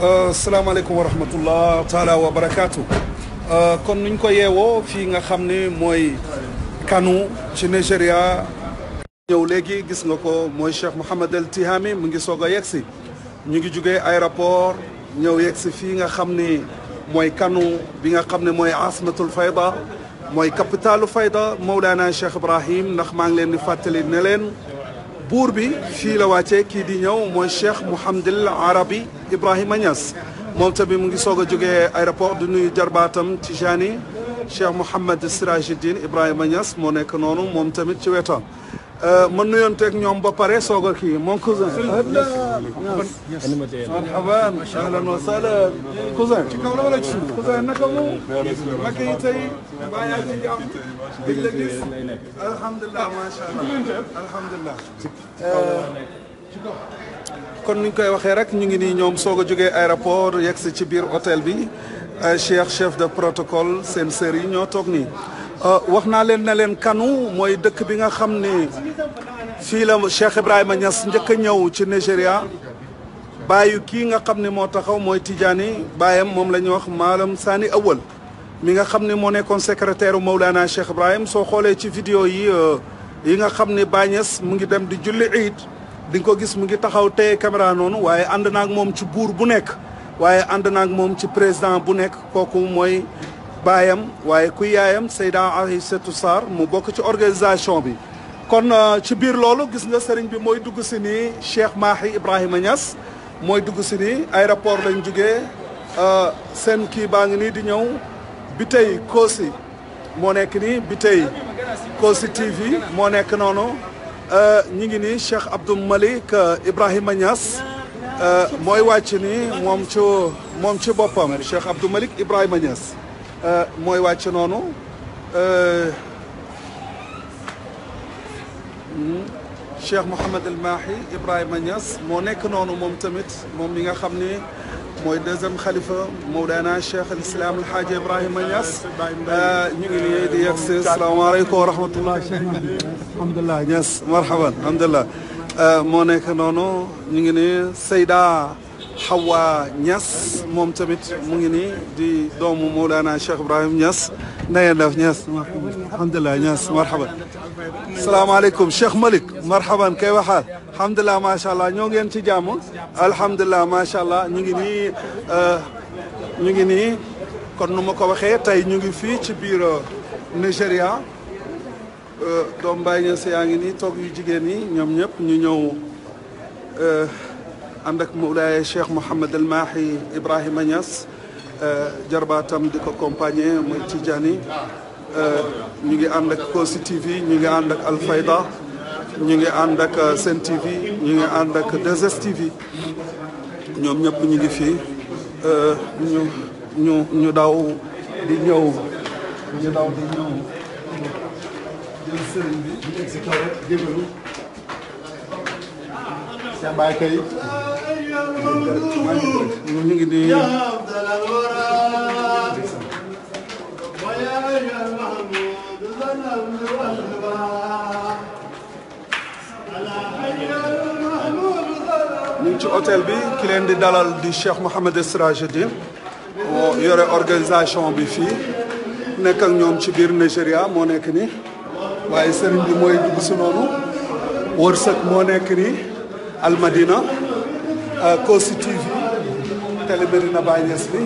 asalaamaaleykum aleykum wa rahmatullah taala wa barakaatu kon nuñ ko yeewoo fii nga xam ne mooy Kano ci Nigéria ñëw léegi gis nga ko mooy Cheikh Mouhamed El Tihami mu ngi soog a yegsi ñu ngi jugee aéroport ñëw yegsi fii nga xam ne mooy Kano bi nga xam ne mooy asmatul fayda mooy capitalu fayda Mawlana Cheikh Ibrahim ndax maa ngi leen di fàttali ne leen buur bi fii la wàccee kii di ñëw mooy Cheikh Mouhamadul Arabi Ibrahima Niass moom tamit mu ngi soog a jógee aéroport du nuyu jarbaatam Tijani Cheikh Mouhamad Sirajidine Ibrahima Niass moo nekk noonu moom tamit ci wetam. Euh, ma nuyonteeg ñoom ba pare soog a kii mon ma ah, marhaban ahlan wa sahlan cousin ci kaw la ci suuf naka mu makk yi tey mbaa yaa ngi alhamdulilah kon ni ñu koy waxee rek ñu ngi nii ñoom soog a jógee aéroport yegg si ci biir hôtel bi euh, Cheikh chef de protocole seen sër yi ñoo toog nii Euh, wax naa leen na leen kanu mooy dëkk bi nga xam ne fii la Cheikh Ibrahima Niass njëkk a ñëw ci Nigéria baayu kii nga xam ne moo taxaw mooy Tidjani baayam moom la ñuy wax Maalam Sani Awal mi nga xam ne moo nekkoon secrétaire Mawlana Cheikh Ibrahim soo xoolee ci vidéo yi euh, yi nga xam ne Baay mu ngi dem di julli iid di ko gis mu ngi taxaw tey caméra noonu waaye ànd naag moom ci buur bu nekk waaye ànd naag moom ci président bu nekk kooku mooy baayam waaye ku yaayam Seyda Aïssatou Sarr mu bokk ci organisation bi kon euh, ci biir loolu gis nga sëriñ bi mooy dugg si nii Cheikh Mahi Ibrahima Niass mooy dugg si nii aéroport lañ jugee euh, seen kii baa ngi nii di ñëw bi tey Kossy moo nekk nii bi tey Kossy TV moo nekk noonu euh, ñi ngi ni Cheikh Abdou Malik Ibrahima Niass mooy wàcc ni moom ci moom ci boppam Cheikh Abdou Malik Ibrahima Niass moy wàcc nonu Cheikh mohammed El Mahi Ibrahima nias mo nek nonu mom tamit mom mi nga xamni moy deuxième khalifa Mawlana Cheikh al Islam El haji Ibrahima nias ñu ngi nii di yex si alaykum wa rahmatullah Cheikh alhamdulilah nias marhaban alhamdulilah mo nek nonu ñu ngi ni sayda Hawa Niass moom tamit mu ngi nii di doomu Mawlana Cheikh Ibrahim Niass na ngeen def Niass alhamdulilah Niass marhaban salaamaaleykum Cheikh Malick marhaban kay waxaal alhamdulilah macha allah ñoo ngeen ci jàmm alhamdulilah macha allah ñu ngi nii euh, ñu ngi nii kon nu ma ko waxee tey ñu ngi fii ci biir Nigéria euh, doom Baye Niass yaa ngi nii toog yu jigéen yi ñoom ñëpp ñu ñëw. Euh, عندك مولاي الشيخ محمد الماحي ابراهيم انياس آه، جرباتم ديكو كومباني موي تيجاني آه، نيغي عندك كوسي تي في نيغي عندك الفايدا نيغي عندك آه، سين تي في نيغي عندك دزاس تي في نيوم نيب نيغي في نيو نيو نيو داو دي نيو نيو داو دي نيو سيمباي كاي المجد يا أفضل الورى ويا أجل محمود ظلم والهوى ñu ngi ci hôtel bi ki leen di dalal di Cheikh Mouhamed Esra Jedin yore organisation bi fii nekk ak ñoom ci biir Nigéria moo nekk ni waaye sëriñ bi mooy dugg si noonu wërsëg moo nekk ni Almadina Kossy euh, TV télé Medina Baye Niass bi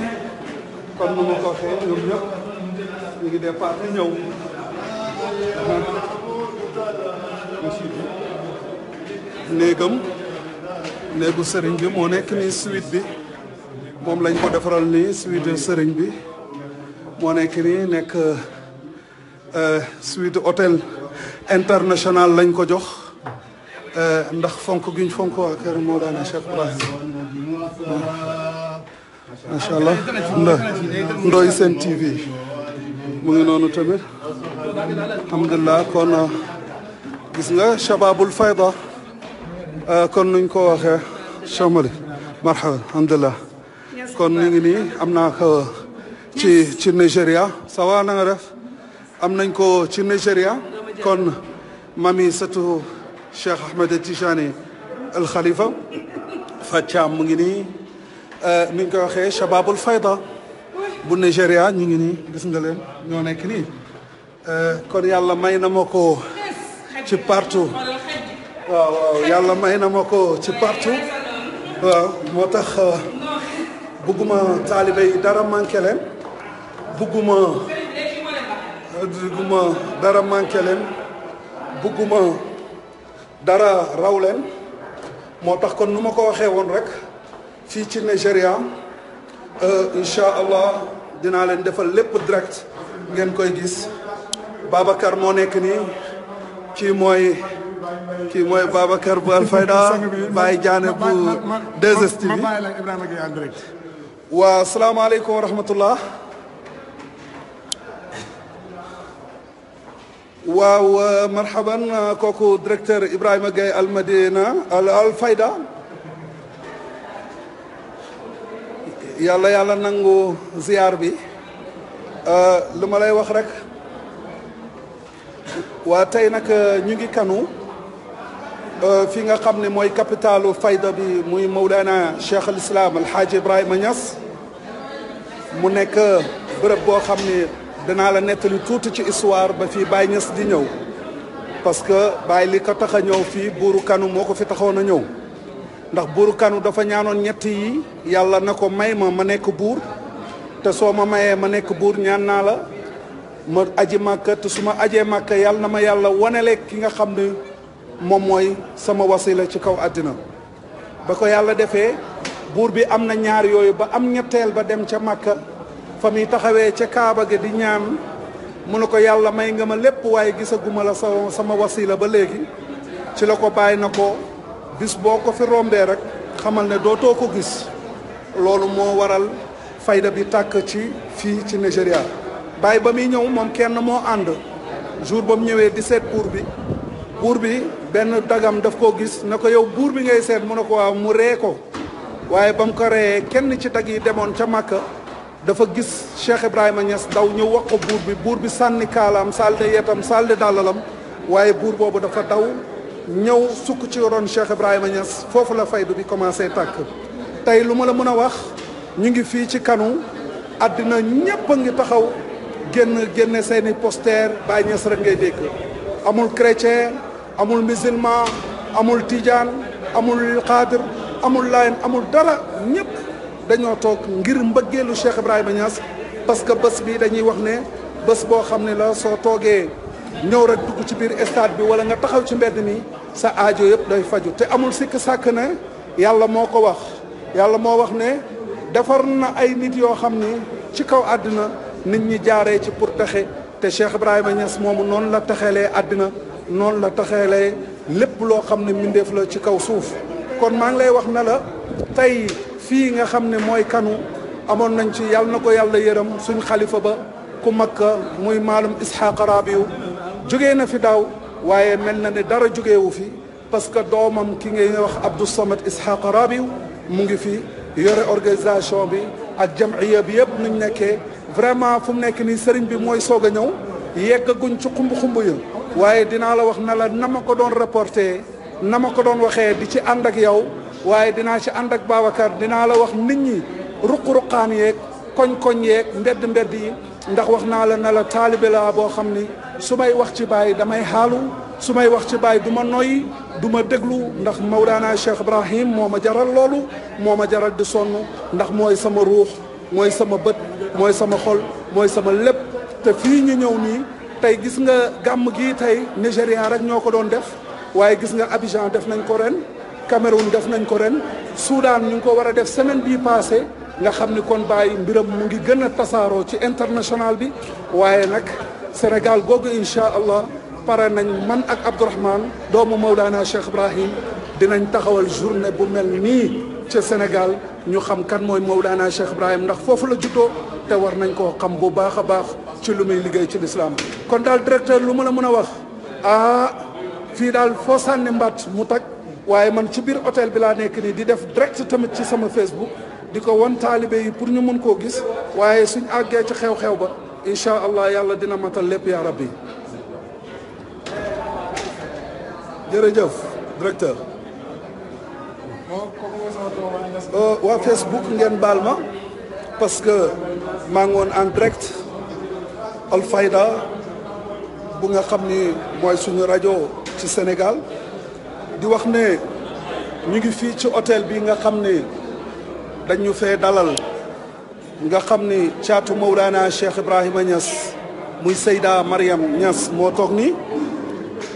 kon nu ma ko waxee ñoom ñëpp ngi départ ñëw néegam néegu sëriñ bi moo nekk nii suite bi moom lañ ko defaral nii suite sëriñ bi moo nekk nii nekk euh, suite hôtel international lañ ko jox ndax fonk gi ñu fonk waa kër Mawlana Cheikh Ibrahim macha allah nda ndoy seen TV mu ngi noonu tamit alhamdulilah kon gis nga Shababul Fayda kon nuñ ko waxee chamali marhaba alhamdulilah kon ñu ngi nii am naa ko ci ci Nigéria ça va na nga def am nañ ko ci Nigéria kon mami surtout الشيخ احمد التيشاني الخليفه فتشام مغني أه، من كو شباب الفيضة بو نيجيريا نيغي ني غيس نغا لين ньо نيك ني ا أه، كون يالا ماينا مكو تي بارتو واو واو يالا ماينا مكو تي بارتو واو موتاخ أه، بوغوما طالبي دارا مانكلين بوغوما بوغوما دارا مانكلين بوغوما dara raw leen moo tax kon nu ma ko waxee woon rek fii ci Nigéria euh, incha allah dinaa leen defal lépp direct ngeen koy gis Babacar moo nekk nii kii mooy kii mooy Babacar bu Alfayda Baye Diané bu 2STV. waaw salaamaaleykum wa rahmatullah مرحبا كوكو دريكتر ابراهيم جاي المدينه الفايدة يلا يلا نانغو زيار بي أه، لما لاي واخ رك وا تاي ناك نيغي كانو أه، فيغا خامني موي كابيتال فايدة بي موي مولانا شيخ الاسلام الحاج ابراهيم نياس مو نيك برب بو خامني danaa la nettali tuuti ci histoire ba fii Baye Niass di ñëw parce que Baye li ko tax a ñëw fii buuru kanu moo ko fi taxoon a ñëw ndax buuru kanu dafa ñaanoon ñett yi yàlla na ko may ma ma nekk buur te soo ma mayee ma nekk buur ñaan naa la ma aji màkka te su ma ajee màkka yàlla na ma yàlla wanele ki nga xam ne moom mooy sama wasila ci kaw àddina ba ko yàlla defee buur bi am na ñaar yooyu ba am ñetteel ba dem ca màkka fa muy taxawee ca kaaba gi di ñaan mu ne ko yàlla may nga ma lépp waaye gisaguma la sa sama wasila ba léegi ci la ko bàyyi na ko bis boo ko fi rombee rek xamal ne dootoo ko gis loolu moo waral fayda bi tàkk ci fii ci Nigéria bàyyi ba muy ñëw moom kenn moo ànd jour ba mu ñëwee di seet buur bi buur bi benn dagam daf koo gis na ko yow buur bi ngay seet mu ne ko waaw mu reyee ko waaye ba mu ko reyee kenn ci dag yi demoon ca Màkka dafa gis Cheikh Ibrahima Niass daw ñëw wax ko buur bi buur bi sànni kaalaam salde yeetam salde dàllalam waaye buur boobu dafa daw ñëw sukk ci woroon ron Cheikh Ibrahima Niass foofu la faydu bi commencé tàkk tey lu ma la mën a wax ñu ngi fii ci kanu àddina ñépp a ngi taxaw génn génne seeni poster Baay Ñas rek ngay dégg amul chrétien amul musulman amul tijaan amul xaadir amul layen amul dara ñépp dañoo toog ngir mbëggeelu Cheikh Ibrahima Niass parce que bés bi dañuy wax ne bés boo xam ne la soo toogee ñëw rek dugg ci biir stade bi wala nga taxaw ci mbedd mi sa aajo yëpp day faju te amul sikk sàkk ne yàlla moo ko wax yàlla moo wax ne defar na ay nit yoo xam ni ci kaw àddina nit ñi jaaree ci pour texe te Cheikh Ibrahima Niass moomu noonu la texeelee àddina noonu la texeelee lépp loo xam ne mbindeef la ci kaw suuf kon maa ngi lay wax ne la tey fii nga xam ne mooy kanu amoon nañ ci yàlla na ko yàlla yërëm suñ xalifa ba ku makka muy maalum isxaaq rabiyu jógee na fi daaw waaye mel na ne dara jógewu fi parce que doomam ki ngay wax Abdou Samad isxaaq rabiyu mu ngi fi yore organisation bi ak jamiya bi yëpp nuñ nekkee vraiment fu mu nekk nii sëriñ bi mooy soog a ñëw yeggaguñ ci xumb-xumb yi waaye dinaa la wax na la na ma ko doon reporté na ma ko doon waxee di ci ànd ak yow waaye dinaa ci ànd ak Babacar dinaa la wax nit ñi ruq-ruqaan yeeg koñ-koñ yeeg mbedd-mbedd yi ndax wax naa la na la taalibe laa boo xam ni su may wax ci baay damay xaalu su may wax ci baay du ma noyyi du ma déglu ndax Mawlaana Cheikh Ibrahim moo ma jaral loolu moo ma jaral di sonn ndax mooy sama ruux mooy sama bët mooy sama xol mooy sama lépp te fii ñu ñëw nii tey gis nga gàmm gii tey Nigéria rek ñoo ko doon def waaye gis nga Abidjan def nañ ko ren Cameroun def nañ ko ren Soudan ñu ngi ko war a def semaine bii passé nga xamni kon bàyyi mbiram mu ngi gëna tassaro ci international bi waye nak Sénégal gogu insha allah pare nañ man ak abdourahman doomu Mawlana Cheikh Ibrahim dinañ taxawal journée bu mel nii ci Sénégal ñu xam kan moy Mawlana Cheikh Ibrahim ndax fofu la jitto te war nañ ko xam bu baaxa baax ci lu muy liggéey ci l'islam kon dal directeur lu mu la mëna wax ah fi dal foo sànni mbaat mu tak waye man ci bir hôtel bi la nek ni di def direct tamit ci sama Facebook diko won talibé yi pour ñu mën ko gis waye suñu aggé ci xew-xew ba insha allah yàlla dina matal lépp ya rabbi jërëjëf directeur wa Facebook ngeen bal ma parce que ma ngone en direct al fayda bu nga xamni moy suñu radio ci Sénégal di wax ne ñu ngi fii ci hôtel bi nga xam ni dañu fee dalal nga xam ni caatu Mawlana Cheikh Ibrahima Niass muy Seyda Mariam ñas moo toog ni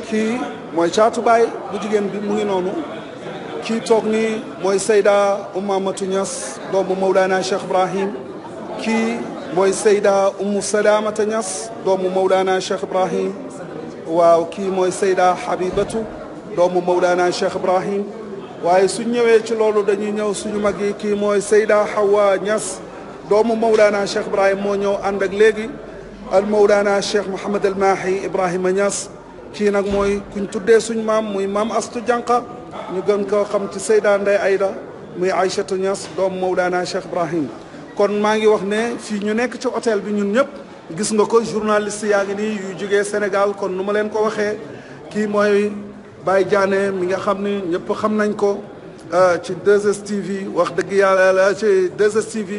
kii mooy caatu baay bu jigéen bi mu ngi noonu kii toog ni mooy Seyda Oumamatu Niass doomu Mawlana Cheikh Ibrahim kii mooy Seyda Umu Salamata Niass doomu Mawlana Cheikh Ibrahim waaw kii mooy Seyda Habibatu دوم مولانا Cheikh ابراهيم واي سو نيوي ci لولو داني ñëw suñu mag كي موي سيدا حوا نياس دوم مولانا Mawlana ابراهيم مو moo اندك ليغي المولانا léegi محمد الماحي ابراهيم نياس كي Mahi موي كون تودي nag mooy موي مام استو maam ني گن كو Janqa تي سيدا نداي ايدا موي عائشه نياس دوم مولانا Aïchatu ابراهيم كون ماغي واخ ني في ني نيك تي اوتيل بي ñu nekk gis nga ko journaliste yaa ngi yu joge Sénégal kon numa len ko waxe ki moy Baye Diané mi nga xam ni ñëpp xam nañ ko euh, ci 2STV wax dëgg yàlla ci 2STV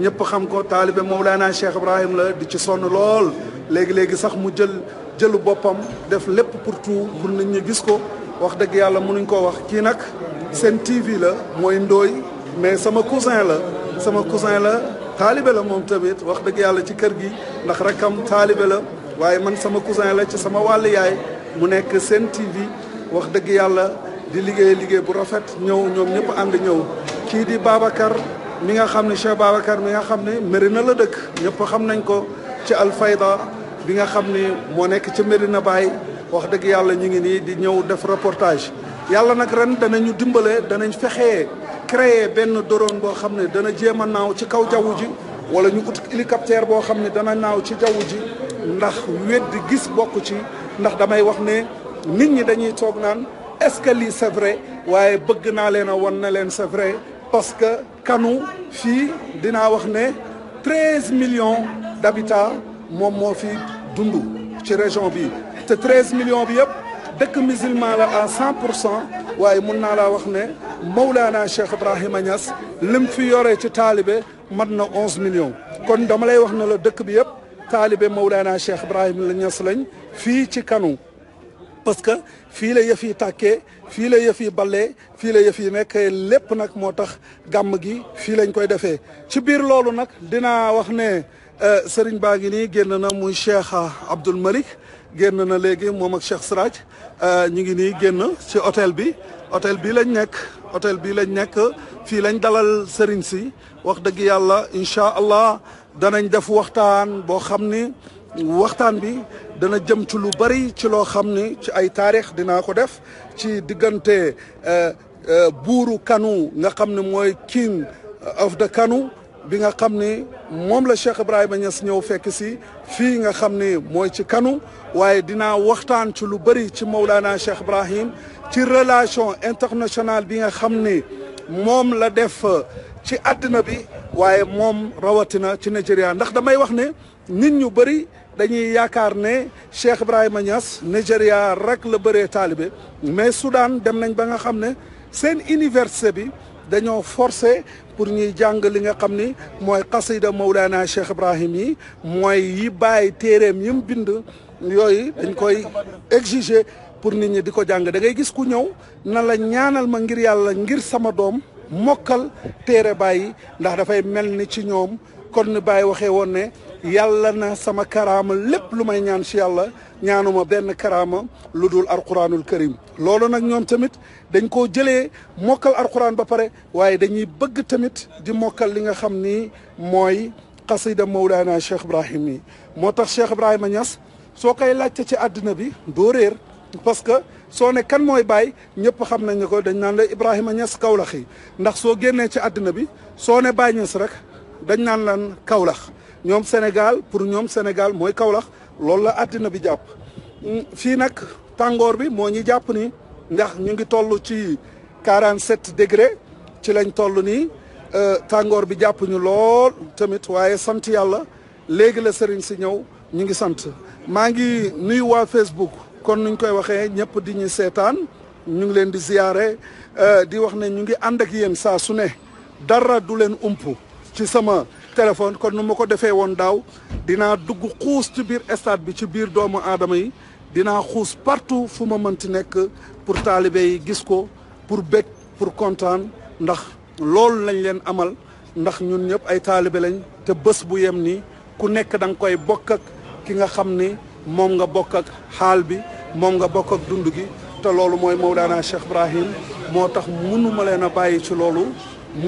ñëpp xam ko taalibe moom Mawlana Cheikh Ibrahim la di ci sonn lool léegi léegi sax mu jël jëlu boppam def lépp pour tout pour nit ñi gis ko wax dëgg yàlla mënuñ ko wax kii nag seen TV la mooy ndooy mais sama cousin la sama cousin la taalibe la moom tamit wax dëgg yàlla ci kër gi ndax rakkam taalibe la waaye man sama cousin la ci sama wàll yaay mu nekk seen TV. wax dëgg yàlla di liggéey liggéey bu rafet ñëw ñoom ñëpp ànd ñëw kii di Babacar mi nga xam ne Cheikh Babacar mi nga xam ne Médina la dëkk ñëpp xam nañ ko ci Alfayda bi nga xam ni moo nekk ci Médina Baye wax dëgg yàlla ñu ngi nii di ñëw def reportage yàlla nag ren ñu dimbale danañ fexee créer benn drone boo xam ne dana jéem a naaw ci kaw jaww ji wala ñu ut hélicoptère boo xam ne dana naaw ci jaww ji ndax wedd gis bokk ci ndax damay wax ne nit ñi dañuy toog naan est-ce que lii c'est vrai waaye bëgg naa leen a won na leen c'est vrai parce que kanu fii dinaa wax ne 13 millions d'habitants moom moo fi dund ci région bi te 13 millions bi yëpp dëkk musulman la à 100 pour cent waaye mun naa laa wax ne Mawlaana Cheikh Ibrahima Niass lim fi yore ci taalibe mat na onze millions kon dama lay wax ne la dëkk bi yëpp taalibe Mawlaana Cheikh Ibrahima Niass lañ fii ci kanu parce que fi la yëf yi tàkkee fii la yëf yi ballee fii la yëf yi nekk lépp nak motax gam gàmm gi fii lañ koy défé ci bir lolu nak dina wax ne sëriñ baa ngi génn na muy Cheikh Abdoul malik génn na légui mom ak Cheikh Siraj ñi ngi ni génn ci hôtel bi hôtel bi lañ nek hôtel bi lañ nek fi lañ dalal serigne si wax deug yàlla inshallah danañ def waxtaan bo xamni waxtaan bi dana jëm ci lu bari ci loo xam ni ci ay taarix dinaa ko def ci diggante euh, euh, buuru Kanu nga xam ne mooy king of the Kanu bi nga xam ni moom la Cheikh Ibrahima Niass ñëw fekk si fii nga xam ni mooy ci Kanu waaye dina waxtaan ci lu bari ci Mawlana Cheikh Ibrahim ci relation internationale bi nga xam ni moom la def ci àddina bi waaye moom rawatina ci Nigeria ndax damay wax ne nit ñu bari dañuy yaakaar ne Cheikh Ibrahima Niass Nigéria rek la bëree taalibe mais Soudan dem nañ ba nga xam ne seen université bi dañoo forcé pour ñuy jàng li nga xam ni mooy xasida Mawlana Cheikh Ibrahim yi mooy yi bàyyi téeréem yi mu bind yooyu dañ koy exiger pour nit ñi di ko jàng da ngay gis ku ñëw na la ñaanal ma ngir yàlla ngir sama doom mokkal téere bàyyi ndax dafay mel ni ci ñoom kon ni bàyyi waxee woon ne yàlla na sama karaama lépp lu may ñaan si yàlla ñaanuma benn karaama lu dul alquranul karim loolu nag ñoom tamit dañ koo jëlee mokkal alquran ba pare waaye dañuy bëgg tamit di mokkal li nga xam ni mooy xasida Mawlana Cheikh Ibrahim yi moo tax Cheikh Ibrahima ñas soo koy laajte ci àddina bi doo réer parce que soo ne kan mooy baay ñëpp xam nañ ne ko dañ naan la Ibrahima ñas Kaolack yi ndax soo génnee ci àddina bi soo ne Baay Niass rek dañ naan lan Kaolack ñoom Sénégal pour ñoom Sénégal mooy Kaolack loolu la àddina bi jàpp mm, fii nag tàngoor bi moo ñu jàpp ni ndax ñu ngi toll ci 47 degré ci lañ toll nii euh, tàngoor bi jàpp ñu lool tamit waaye sant yàlla léegi la sëriñ si ñëw ñu ngi sant maa ngi nuyu waa Facebook kon nuñ koy waxee ñëpp di ñu seetaan ñu ngi leen di ziyaare euh, di wax ne ñu ngi ànd ak yéen saa su ne dara du leen ump ci sama téléphone kon nu ma ko defee woon daaw dinaa dugg xuus ci biir stade bi ci biir doomu aadama yi dinaa xuus partout fu ma mënti nekk pour taalibe yi gis ko pour bég pour kontaan ndax loolu lañ leen amal ndax ñun ñëpp ay taalibe lañ te bés bu yem ni ku nekk danga koy bokk ak ki nga xam ni moom nga bokk ak xaal bi moom nga bokk ak dund gi te loolu mooy Mawlana Cheikh Ibrahim moo tax mënuma leen a bàyyi ci loolu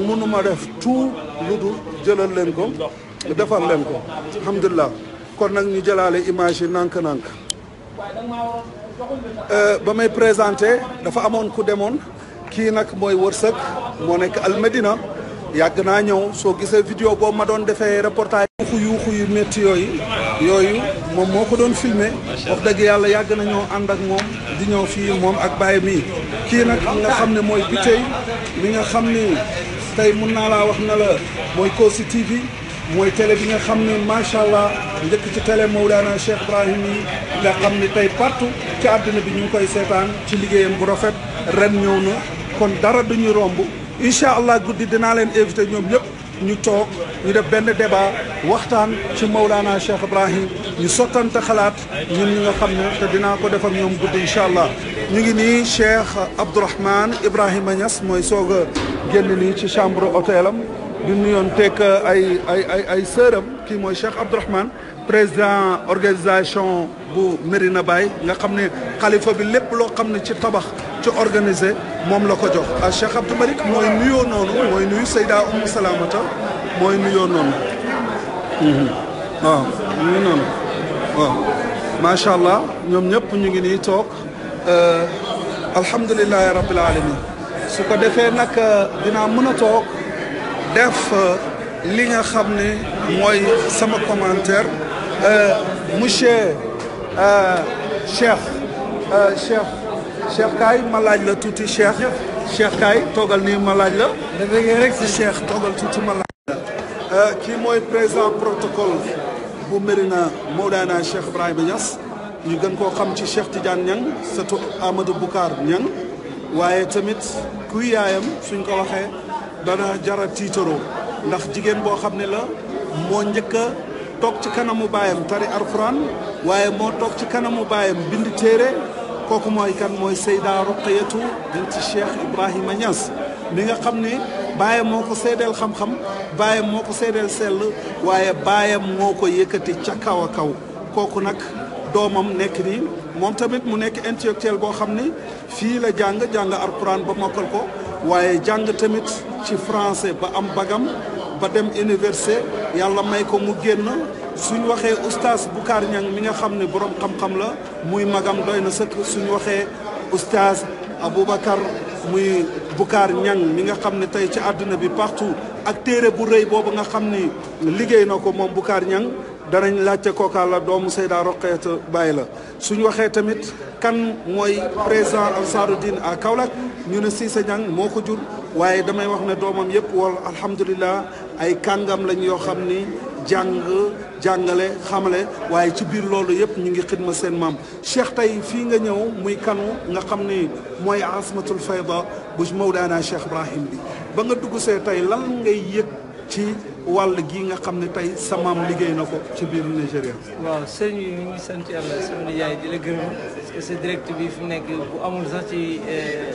mënuma def tout lu dul jëlal leen ko defal leen ko alhamdulilah kon nag ñu jëlaale image yi nank nànk euh, ba may présenté dafa amoon ku demoon kii nag mooy wërsëg moo nekk almadina yàgg naa ñëw soo gisee vidéo boobu ma doon defee reportage yuuxu yuuxu yu métti yooyu yooyu moom moo ko doon filmé wax dëgg yàlla yàgg nañoo ànd ak moom di ñëw fii moom ak Baye mii kii nag mi nga xam ne mooy bitey mi nga xam ni tay mën na laa wax na la mooy Kossy TV mooy télé bi nga xam ne macha allah njëkk ci télé Mawlana Cheikh Ibrahim yi nga xam ne tey partout ci àddina bi ñu ngi koy seetaan ci liggéeyam bu rafet ren ñëw na kon dara duñu romb incha allah guddi dinaa leen invité ñoom ñëpp. ñu toog ñu def benn débat waxtaan ci Mawlana Cheikh Ibrahim ñu sottante xalaat ñun ñi nga xam ne te dinaa ko def ak ñoom guddi incha allah ñu ngi nii Cheikh Abdourahman Ibrahima Niass mooy soog a génn nii ci chambre hôtel am di nuyoon teg ay ay ay ay sëram kii mooy Cheikh Abdourahman président organisation. bu Merina Baye nga xamne khalifa bi lépp lo xamne ci tabax ci organiser mom la ko jox a Cheikh Abdou Malik moy nuyo non moy nuyu Seyda Oumou Salamata mooy nuyoo noonu waaw ñu non noonu ma sha allah ñom ñep ñu ngi ni tok euh alhamdullilah rabbil alamin su ko defé nak dina mëna tok def li nga xamne moy sama commentaire euh monsieur Euh, euh, Cheikh Cheikh Cheikh Kaay ma laaj la tuuti Cheikh. Cheikh Kaay toogal nii ma laaj la. dafay rek si toogal tuuti ma laaj la. Euh, kii mooy président protocole bu Mérina Mawlana Cheikh Ibrahima Niass ñu gën koo xam ci Cheikh Tidiane Niang surtout Amadou Boucar Niang waaye tamit kuy yaayam suñ ko waxee dana jara tiitaroo ndax jigéen boo xam ne la moo njëkk a toog ci kanamu baayam tari alxuraan. waaye moo toog ci kanamu baayam bind téere kooku mooy kan mooy Seyda Ruqayatu binti Cheikh Ibrahima Niass mi nga xam ne baayam moo ko seedeel xam-xam baayam moo ko seedeel sell waaye baayam moo ko yëkkati ca kaw a kaw kooku nag doomam nekk nii moom tamit mu nekk intellectuel boo xam ni fii la jàng jàng alquran ba mokkal ko waaye jàng tamit ci français ba am bagam ba dem université yàlla may ko mu génn suñ waxee oustaz Boucar Niang mi nga xam ne borom xam-xam la muy magam doy na sëkk suñ waxee oustaz Aboubacar muy Boucar Niang mi nga xam ne tey ci àdduna bi partout ak téere bu rëy boobu nga xam ni liggéey na ko moom Boucar Niang danañ laajte kookaa la doomu Seyda Roqeeta bàyyi la suñ waxee tamit kan mooy président Ansaarudine à Kaolack ñu ne Cissé Niang moo ko jur waaye damay wax ne doomam yëpp wal alhamdulilah ay kàngam lañ yoo xam ni jàng jàngale xamale waaye ci biir loolu yëpp ñu ngi xidma seen maam Cheikh tey fii nga ñëw muy kanu nga xam ni mooy asmatul fayda bu Mawlaana Cheikh Ibrahim bi ba nga dugg see tey lan ngay yëg ci wàll gi nga xam ne tey sa maam liggéey na ko ci biir Nigéria. waaw yi ñu ngi nekk bu amul sax ci. Eh,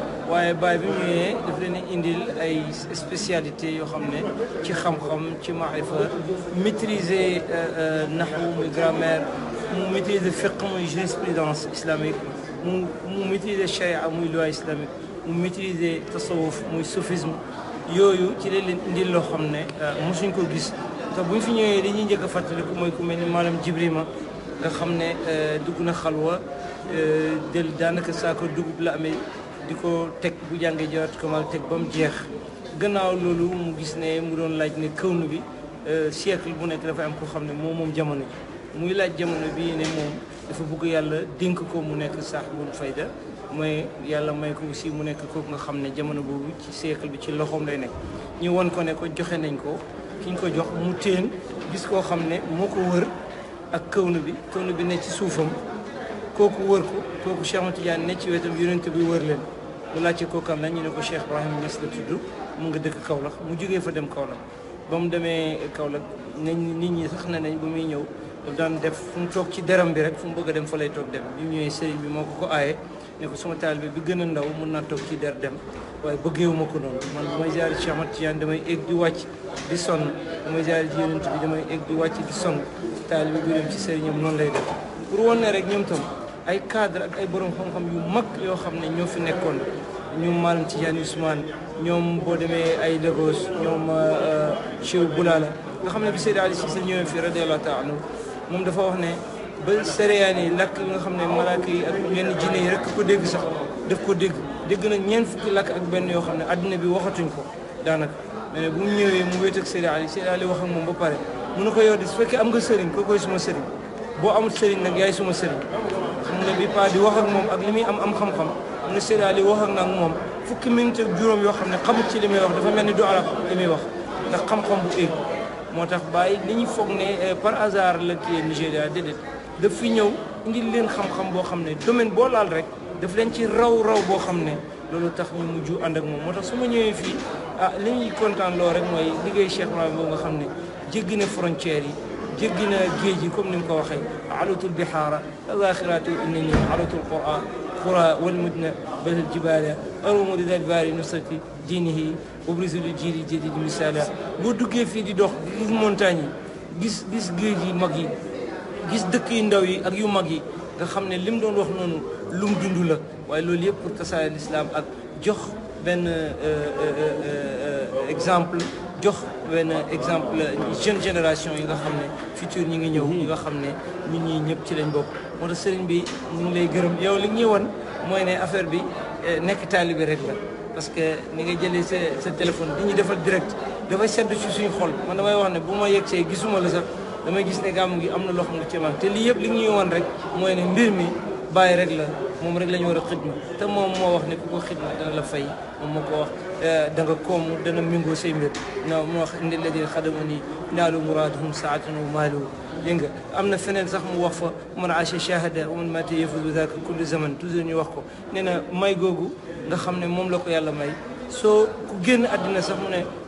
waaye baay bi mu ñëwee daf leen indil ay spécialité yoo xam ne ci xam-xam ci maarifa maîtriser naxwu muy grammaire mu maîtriser fiqh muy jurisprudence islamique mu mu maîtriser charia muy loi islamique mu maîtriser tasawuf muy soufisme yooyu ci leen leen indil loo xam ne mosuñ ko gis te buñ fi ñëwee dañuy njëkk a fàttaliku mooy ku mel ni maanaam Jibrima nga xam ne dugg na xalwa del daanaka saako dugub la amee di ko teg bu jàngee jawaat ko mal teg ba mu jeex gannaaw loolu mu gis ne mu doon laaj ne kawnu bi euh, siècle bu nekk dafa am ko xam ne moom moom jamono ji muy laaj jamono bi dafa bëgg yàlla dénk ko mu nekk saaxibul fayda mooy yàlla may ko aussi mu nekk kooku nga xam ne jamono boobu ci siècle bi ci loxoom lay nekk ñu won ko ne ko joxe nañ ko kiñ ko jox mu téen gis koo xam ne moo ko wër ak kawnu bi kawnu bi ne ci suufam kooku wër ko kooku Cheikh Ahmad Tidiane ne ci wetam bi wër leen mu laajte kooku am la ñu ne ko Cheikh Ibrahima Niass la tudd mu nga dëkk Kaolack mu jógee fa dem Kaolack ba mu demee Kaolack nañ nit ñi sax na nañ ba muy ñëw daf daan def fu mu toog ci deram bi rek fu mu bëgg dem fa lay toog dem bi mu ñëwee bi moo ko ko aaye ne ko sama taalibe bi gën a ndaw mun naa toog ci der dem waaye bëggeewu ma ko noonu man bu may jaari Cheikh Ahmad Tidiane damay egg di wàcc di sonn bu may jaari ci yonent bi damay egg di wàcc di sonn taalibe ay cadre ay borom xam-xam yu mag yoo xam ne ñoo fi nekkoon ñoom Malam Tidiane Ousmane ñoom boo demee ay Lagos ñoom euh, euh, Cheikh Boulala nga xam ne bi Seydi Ali Cissé ñëwee fi radiyallahu taala anhu moom dafa wax ne ba céréales yi lakk nga xam ne malaaka yi ak yenn jinne yi rek ko dégg sax daf ko dégg dégg na ñeent fukki lakk ak benn yoo xam ne adduna bi waxatuñ daanaka mais bu mu mu wéet ak Seydi Ali Seydi wax moom ba pare mu ne ko yow de su fekkee am nga sëriñ ko koy suma sëriñ boo amul sëriñ nag yaay suma sëriñ mu ne bi pa di wax ak moom ak li muy am am xam-xam mu ne séddaal yi wax ak nag moom fukki minute ak juróom yoo xam ne xamut ci li muy wax dafa mel ni du arab wax ndax xam-xam bu éeg moo tax baay li ñu foog ne euh, par hasard la kii Nigéria déedéet daf fi ñëw indil leen xam-xam boo xam ne domaine boo laal rek daf leen ci raw raw boo xam ne loolu tax ñu mujj ànd ak moom moo tax su ma ñëwee fii ah li ñuy kontaan loo rek mooy liggéey Cheikh Ibrahima boobu nga xam ne jéggi na frontières yi جينا جيجي كم نمكو وخي علوت البحارة الآخرات إنني علوت القرآن قرى والمدنة بل الجبال أرومود ذا الباري نصرة دينه وبرز الجيل الجديد مثالا قدو كيف دي دوخ جيس مونتاني جيس جيس جيجي مغي جيس دكي اندوي أغيو مغي غا لم دون وخنون لم دون دولا وإلو ليب الإسلام أك benn euh, euh, euh, exemple jox benn exemple jeune génération yi nga xam ne futur ñi ngi ñëw ñi nga xam ne ñun ñii ñëpp ci leen bopp moo tax sëriñ bi ñu ngi lay gërëm yow li ñuy wan mooy ne affaire bi nekk taalibe rek la parce que ni nga jëlee sa sa téléphone di ñu defal direct dafay sedd ci suñu xol man damay wax ne bu ma yegsee gisuma la sax damay gis ne gàmm gi am na loo xam nga ci man te lii yëpp li ñuy won rek mooy ne mbir mi bàyyi rek la moom rek la ñu war a xidma te moom moo wax ne ku ko xidma dana la fay moom moo ko wax da nga koom dana mingoo say mbir na moo wax indi di xadama ni naalu muraadahum saatan wa maalu dégg nga am na feneen sax mu wax fa man acha shahada wa man mati yafudu daka kulli zaman toujours ñu wax ko nee na may googu nga xam ne moom la ko yàlla may soo ku génn àddina sax mu ne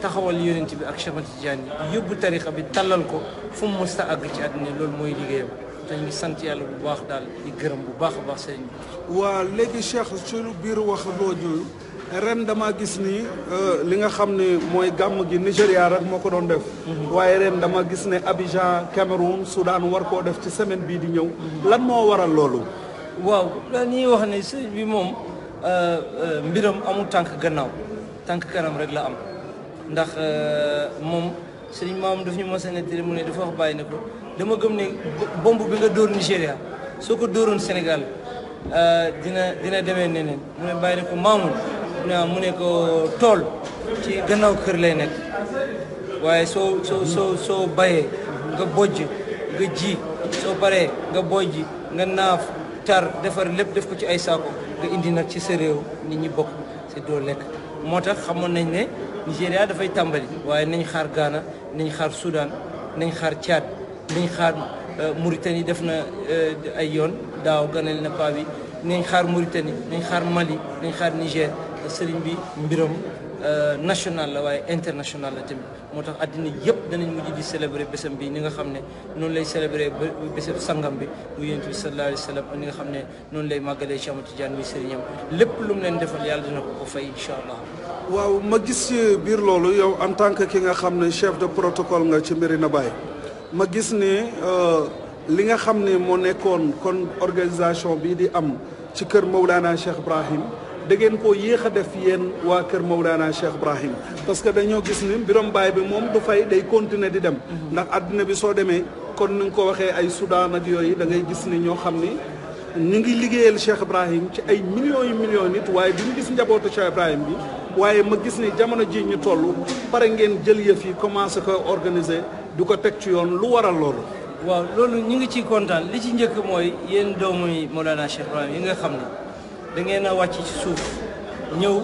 taxawal yonent bi ak Cheikh Tidiane yóbbu tarixa bi tallal ko fu mu mës a àgg ci àddina loolu mooy liggéeyam te ñu sant yàlla bu baax daal di gërëm bu baax a baax sëñ bi. waa léegi Cheikh suñu biir wax loolu ren damaa gis ni li nga xam ne mooy gàmm gi Nigéria rek moo ko doon def. waaye ren dama gis ne Abidjan Cameroun Soudan war koo def ci semaine bii di ñëw. lan moo waral loolu. waaw dañuy wax ne sëñ bi moom mbiram amul tànk gannaaw tànk kanam rek la am. ndax euh, moom sëriñ maam daf ñu mos a nettali mu ne dafa wax bàyyi ne ko dama gëm ne bomb bi nga dóor Nigéria soo ko dóoroon Sénégal euh, dina dina demee neneen mu ne bàyyi ne ko maamul mu ne ko tool ci gannaaw kër lay nekk waaye soo soo soo soo bayee nga bojj nga ji soo paree nga bojj nga naaf tar defar lépp def ko ci ay saako nga indi nag ci sa réew nit ñi bokk si doo lekk moo tax xamoon nañ ne Nigéria dafay tàmbali waaye nañ xaar Ghana nañ xaar Soudan nañ xaar Tchad nañ xaar euh, Mauritanie def na euh, ay yoon daaw ganal na paa bi nañ xaar Mauritanie nañ xaar Mali nañ xaar Niger sëriñ bi mbiram Euh, national la waaye international la tamit moo tax àddina yëpp danañ mujj di célébrer bésam bi ni nga xam ne noonu lay célébrer bésam sangam bi mu bi sallallahu alayhi wa ni nga xam ne noonu lay màggalee Cheikh Ahmadou Tidiane muy sëriñam lépp lu mu leen defal yàlla dina ko ko fay incha allah. waaw ma gis ci biir loolu yow en tant que ki nga xam ne chef de protocole nga ci na Baye ma gis ne euh, li nga xam ne moo nekkoon kon organisation bi di am ci kër Mawlana Cheikh Ibrahim. da ngeen koo yéex a def yéen waa kër Mawlana Cheikh Ibrahim parce que dañoo gis ni mbiram baay bi moom du fay day continuer di dem. ndax àddina bi soo demee kon ni nga ko waxee ay Soudan ak yooyu da ngay gis ni ñoo xam ni. ñu ngi liggéeyal Cheikh Ibrahim ci ay millions yu millions nit waaye du ñu gis njabootu Cheikh Ibrahim bi waaye ma gis ni jamono ji ñu toll pare ngeen jël yëf yi commencé ko organiser du ko teg ci yoon lu waral loolu. waaw loolu ñu ngi ciy kontaan li ci njëkk mooy yéen doomu yi Mawlana Cheikh Ibrahim yi nga xam ne. da ngeen a wàcc ci suuf ñëw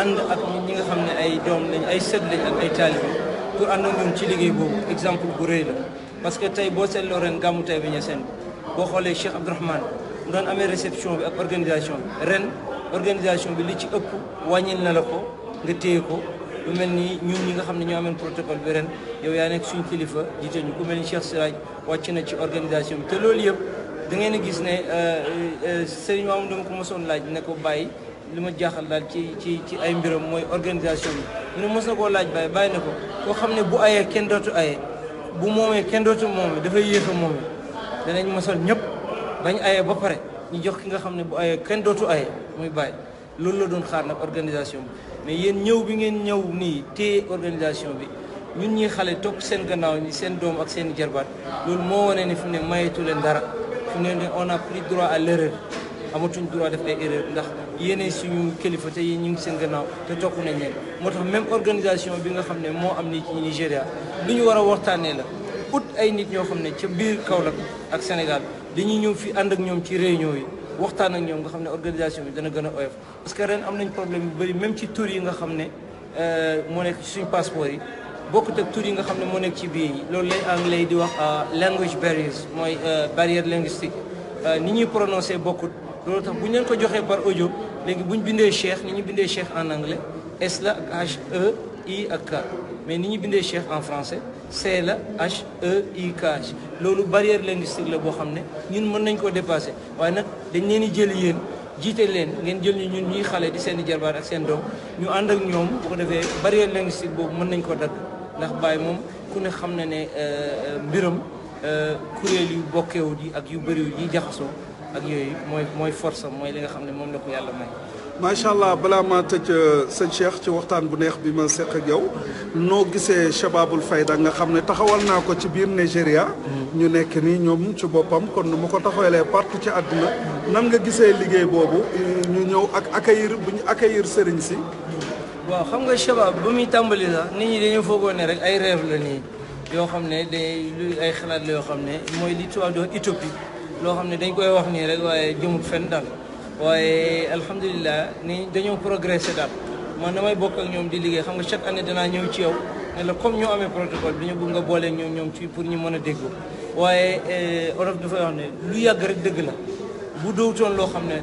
ànd ak ñi nga xam ne ay doom lañ ay sët lañ ak ay taalibe pour ànd ak ci liggéey boobu exemple bu rëy la. parce que tey boo seetloo ren gàmmu tey bi ñaseen boo xoolee Cheikh Abdourahmane mu doon amee réception bi ak organisation bi ren organisation bi li ci ëpp wàññil na la ko nga téye ko. lu mel ni ñun ñu nga xam ne ñoo ameen protocole bi ren yow yaa nekk suñu kilifa jiite ñu ku mel ni Cheikh Siraj wàcc na ci organisation bi te loolu yëpp. da ngeen a gis ne euh, euh, Serigne Mamadou dama ko mosoon laaj ne ko bàyyi li ma jaaxal daal ci ci ci ay mbiram mooy organisation bi mu ne koo laaj bàyyi bàyyi na ko koo xam ne bu ayee kenn dootu ayee bu moomee kenn dootu moomee dafay yéex a moomee danañ mosal ñëpp bañ ayee ba pare jox ki nga xam ne bu ayee kenn dootu ayee muy loolu la doon xaar organisation bi mais yéen ñëw bi ngeen ñëw nii téye organisation bi ñun ñuy xale topp seen gannaaw ñi seen doom ak seen jarbaat loolu moo wane ne fi mu ne mayetu leen dara fu ne on a plus droit à l'erreur amatuñ droit def ay erreur ndax yeneen suñu kilifa te yi ñu ngi seen gannaaw te topp nañ leen moo tax même organisation bi nga xam ne moo am ni ci Nigéria lu ñu war a waxtaanee la ut ay nit ñoo xam ne ca biir Kaolack ak Sénégal dañuy ñëw fi ànd ak ñoom ci réunion yi waxtaan ak ñoom nga xam ne organisation bi dana gën a oyof parce que ren am nañ problème yu bëri même ci tur yi nga xam ne euh, moo nekk suñu passeport yi bokkut ak tur yi nga xam mo nek nekk ci biir yi loolu lay anglais di wax euh, language barriers mooy euh, barrière linguistique euh, ni ñuy prononcer bokkut loolu tax bu leen ko joxé par audio légui bu bindé cheikh ni ñu bindee cheikh en anglais S la ak H E I ak K mais ni ñu bindee cheikh en français C la H E I K lolou barrière linguistique la bo xam ñun mën nañ ko dépasser waaye nak dañ leen di jël yeen jité leen ngeen jël ñun ñuy xalé di seen i ak seen doom ñu and ak ñoom bu ko defee barrière linguistique bobu mën nañ ko dagg ndax Baye mom ku ne ne euh mbirum euh kuréel yu bokkeewut di ak yu bëriwut yi jaxaso ak yoy moy moy force moy li nga xamne mom la ko yàlla may. ما شاء الله بلا ما تج سن شيخ تي وقتان بو نيه بما سيخ ak yow noo gisee Shababul nga xam taxawal naa ci biir Nigéria. ñu nekk nii ñoom ci boppam kon nu ko taxawalee partout ci àdduna. nan nga gisee liggéey boobu ñu ñëw ak accueillir bu accueillir waaw xam nga Shabab ba muy tàmbali sax nit ñi dañu foogoo ne rek ay rêve la nii yoo xam ne day lu ay xalaat la yoo xam ne mooy li tubaab di wax loo xam ne dañ koy wax nii rek waaye jëmut fenn daal waaye alhamdulilah ni dañoo progressé daal man damay bokk ñoom di liggéey xam nga chaque année danaa ñëw ci yow ne la comme ñoo amee protocole bi ñu bëgg nga boolee ñoom ñoom ci pour ñu mën a déggoo waaye Europe dafay wax ne lu yàgg rek dëgg la bu dowutoon loo xam ne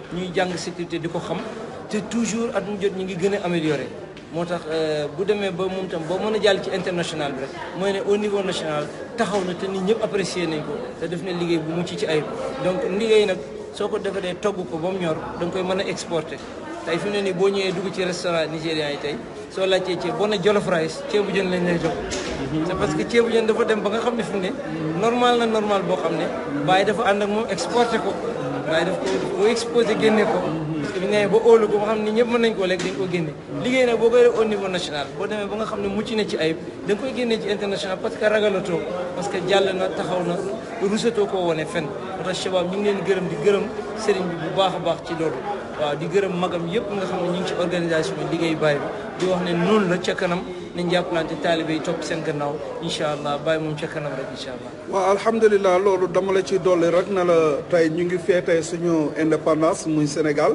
ñuy jàng sécurité di ko xam te toujours at mu ñu ngi gën a amélioré moo tax euh, bu demee ba moom tam boo mën a jàll ci international bi rek mooy ne au niveau national taxaw na te nit ñëpp apprécier nañ ko te def na liggéey bu mucc ci ayib donc liggéey nag soo ko defaree togg ko ba mu ñor da nga koy mën a exporté tey fi mu ne nii boo ñëwee dugg ci restaurant nigérian yi tey soo laajtee ceeb boo na jollof rice ceebu jën lañ lay jox. Mhm. parce que ceebu jën dafa dem ba nga xam ne fi mu ne normal normal boo xam ne bàyyi dafa ànd ak moom exporté ko. waaye daf ko daf ko exposé génne ko parce que bi nee ba óolu xam ni ñëpp mën nañ koo lekk dañ ko génne liggéey nag boo koy def au niveau national boo demee ba nga xam ne mucc na ci ayib da koy génne ci international parce que parce que jàll na taxaw na rusatoo koo wane fen moo tax Shabab ñu ngi gërëm di gërëm sëriñ bu baax baax ci loolu waaw di gërëm magam yëpp nga xam ne ñu ci organisation liggéey baay bi di wax ne noonu la ca nañ jàppalante taalibe top sen seen gannaaw incha allah bàyyi moom ca kanam rek incha allah. waaw alhamdulilah loolu dama la ci dolli rek na la tey ñu ngi feetee suñu indépendance muy Sénégal.